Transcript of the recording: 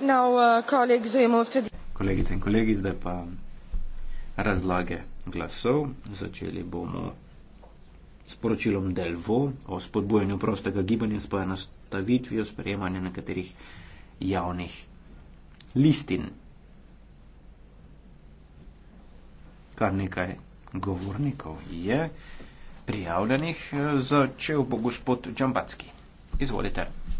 Uh, Kolegice in kolegi, zdaj pa razlage glasov. Začeli bomo s poročilom Delvo o spodbujanju prostega gibanja s poenostavitvijo sprejemanja nekaterih javnih listin. Kar nekaj govornikov je prijavljenih, eh, začel bo gospod Džambacki. Izvolite.